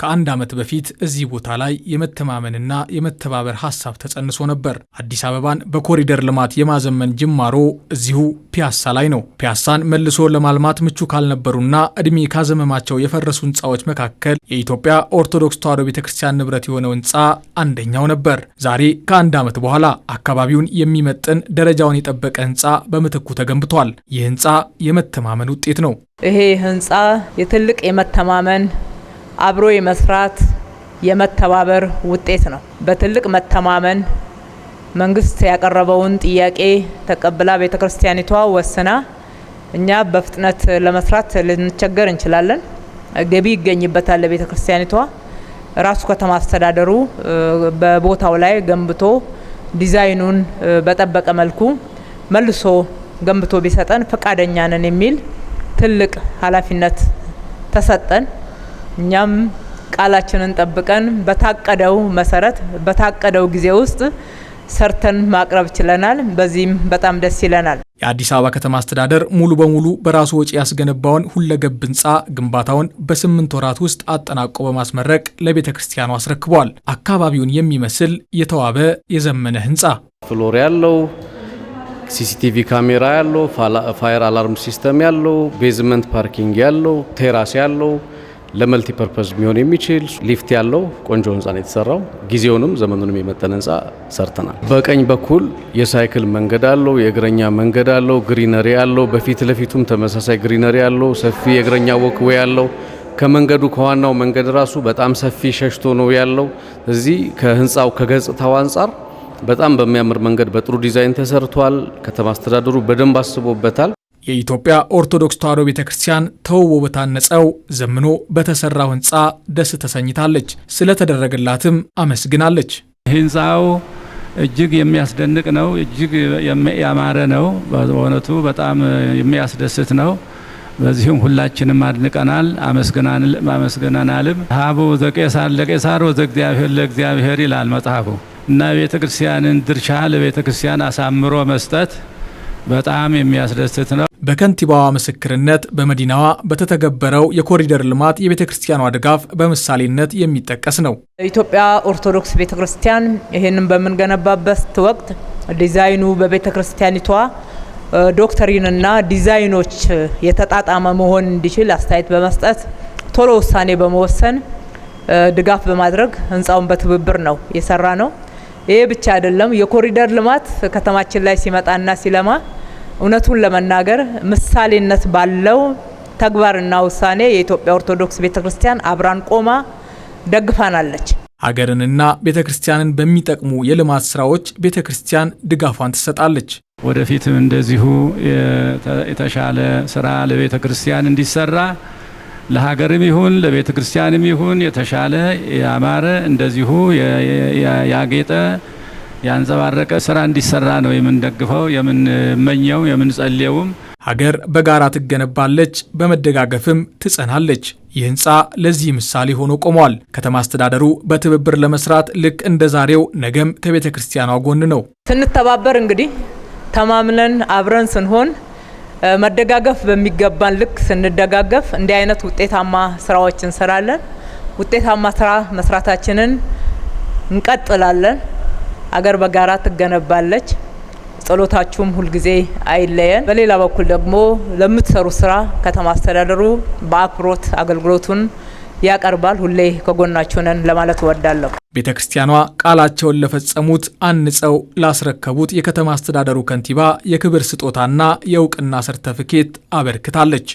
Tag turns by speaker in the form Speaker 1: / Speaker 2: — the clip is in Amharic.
Speaker 1: ከአንድ ዓመት በፊት እዚህ ቦታ ላይ የመተማመንና የመተባበር ሀሳብ ተጸንሶ ነበር። አዲስ አበባን በኮሪደር ልማት የማዘመን ጅማሮ እዚሁ ፒያሳ ላይ ነው። ፒያሳን መልሶ ለማልማት ምቹ ካልነበሩና እድሜ ካዘመማቸው የፈረሱ ህንፃዎች መካከል የኢትዮጵያ ኦርቶዶክስ ተዋሕዶ ቤተ ክርስቲያን ንብረት የሆነው ህንፃ አንደኛው ነበር። ዛሬ ከአንድ ዓመት በኋላ አካባቢውን የሚመጥን ደረጃውን የጠበቀ ህንፃ በምትኩ ተገንብቷል። ይህ ህንፃ የመተማመን ውጤት ነው።
Speaker 2: ይሄ ህንፃ የትልቅ የመተማመን አብሮ የመስራት የመተባበር ውጤት ነው። በትልቅ መተማመን መንግስት ያቀረበውን ጥያቄ ተቀብላ ቤተ ክርስቲያኒቷ ወስና እኛ በፍጥነት ለመስራት ልንቸገር እንችላለን፣ ገቢ ይገኝበታል ለቤተ ክርስቲያኒቷ። ራሱ ከተማ አስተዳደሩ በቦታው ላይ ገንብቶ ዲዛይኑን በጠበቀ መልኩ መልሶ ገንብቶ ቢሰጠን ፈቃደኛ ነን የሚል ትልቅ ኃላፊነት ተሰጠን። እኛም ቃላችንን ጠብቀን በታቀደው መሰረት በታቀደው ጊዜ ውስጥ ሰርተን ማቅረብ ችለናል። በዚህም በጣም ደስ ይለናል።
Speaker 1: የአዲስ አበባ ከተማ አስተዳደር ሙሉ በሙሉ በራሱ ወጪ ያስገነባውን ሁለገብ ህንፃ ግንባታውን በስምንት ወራት ውስጥ አጠናቆ በማስመረቅ ለቤተ ክርስቲያኑ አስረክቧል። አካባቢውን የሚመስል የተዋበ የዘመነ ህንፃ
Speaker 3: ፍሎር ያለው ሲሲቲቪ ካሜራ ያለው ፋየር አላርም ሲስተም ያለው ቤዝመንት ፓርኪንግ ያለው ቴራስ ያለው ለመልቲ ፐርፐዝ የሚሆን የሚችል ሊፍት ያለው ቆንጆ ህንፃ ነው የተሰራው። ጊዜውንም ዘመኑንም የመጠን ህንፃ ሰርተናል። በቀኝ በኩል የሳይክል መንገድ አለው፣ የእግረኛ መንገድ አለው፣ ግሪነሪ አለው። በፊት ለፊቱም ተመሳሳይ ግሪነሪ አለው፣ ሰፊ የእግረኛ ወክዌ አለው። ከመንገዱ ከዋናው መንገድ ራሱ በጣም ሰፊ ሸሽቶ ነው ያለው። እዚህ ከህንፃው ከገጽታው አንጻር በጣም በሚያምር መንገድ በጥሩ ዲዛይን ተሰርቷል። ከተማ አስተዳደሩ በደንብ አስቦበታል።
Speaker 1: የኢትዮጵያ ኦርቶዶክስ ተዋሕዶ ቤተ ክርስቲያን ተውቦ በታነጸው ዘምኖ በተሰራው ህንፃ ደስ ተሰኝታለች። ስለተደረገላትም አመስግናለች።
Speaker 4: ህንፃው እጅግ የሚያስደንቅ ነው። እጅግ ያማረ ነው። በእውነቱ በጣም የሚያስደስት ነው። በዚሁም ሁላችንም አድንቀናል፣ አመስግነናልም። ሀቦ ዘቄሳር ለቄሳር ወዘእግዚአብሔር ለእግዚአብሔር ይላል መጽሐፉ እና ቤተ ክርስቲያንን ድርሻ ለቤተ ክርስቲያን አሳምሮ መስጠት በጣም የሚያስደስት ነው።
Speaker 1: በከንቲባዋ ምስክርነት በመዲናዋ በተተገበረው የኮሪደር ልማት የቤተ ክርስቲያኗ ድጋፍ በምሳሌነት የሚጠቀስ ነው።
Speaker 2: ኢትዮጵያ ኦርቶዶክስ ቤተ ክርስቲያን ይህንን በምንገነባበት ወቅት ዲዛይኑ በቤተ ክርስቲያኒቷ ዶክተሪንና ዲዛይኖች የተጣጣመ መሆን እንዲችል አስተያየት በመስጠት ቶሎ ውሳኔ በመወሰን ድጋፍ በማድረግ ህንፃውን በትብብር ነው የሰራ ነው። ይህ ብቻ አይደለም። የኮሪደር ልማት ከተማችን ላይ ሲመጣና ሲለማ እውነቱን ለመናገር ምሳሌነት ባለው ተግባርና ውሳኔ የኢትዮጵያ ኦርቶዶክስ ቤተ ክርስቲያን አብራን ቆማ ደግፋናለች።
Speaker 1: ሀገርንና ቤተ ክርስቲያንን በሚጠቅሙ የልማት ስራዎች ቤተ ክርስቲያን ድጋፏን ትሰጣለች።
Speaker 5: ወደፊትም እንደዚሁ የተሻለ ስራ ለቤተ ክርስቲያን እንዲሰራ ለሀገርም ይሁን ለቤተ ክርስቲያንም ይሁን የተሻለ ያማረ እንደዚሁ ያጌጠ ያንጸባረቀ ስራ እንዲሰራ ነው የምንደግፈው፣ የምንመኘው፣ የምንጸልየውም።
Speaker 1: ሀገር በጋራ ትገነባለች፣ በመደጋገፍም ትጸናለች። ይህ ህንፃ ለዚህ ምሳሌ ሆኖ ቆሟል። ከተማ አስተዳደሩ በትብብር ለመስራት ልክ እንደ ዛሬው ነገም ከቤተ ክርስቲያኗ ጎን ነው።
Speaker 2: ስንተባበር እንግዲህ ተማምነን አብረን ስንሆን መደጋገፍ በሚገባን ልክ ስንደጋገፍ እንዲህ አይነት ውጤታማ ስራዎች እንሰራለን። ውጤታማ ስራ መስራታችንን እንቀጥላለን። አገር በጋራ ትገነባለች። ጸሎታችሁም ሁልጊዜ አይለየን። በሌላ በኩል ደግሞ ለምትሰሩ ስራ ከተማ አስተዳደሩ በአክብሮት አገልግሎቱን ያቀርባል። ሁሌ ከጎናችሁ ነን ለማለት እወዳለሁ።
Speaker 1: ቤተ ክርስቲያኗ ቃላቸውን ለፈጸሙት አንጸው ላስረከቡት የከተማ አስተዳደሩ ከንቲባ የክብር ስጦታና የእውቅና ሰርተፍኬት አበርክታለች።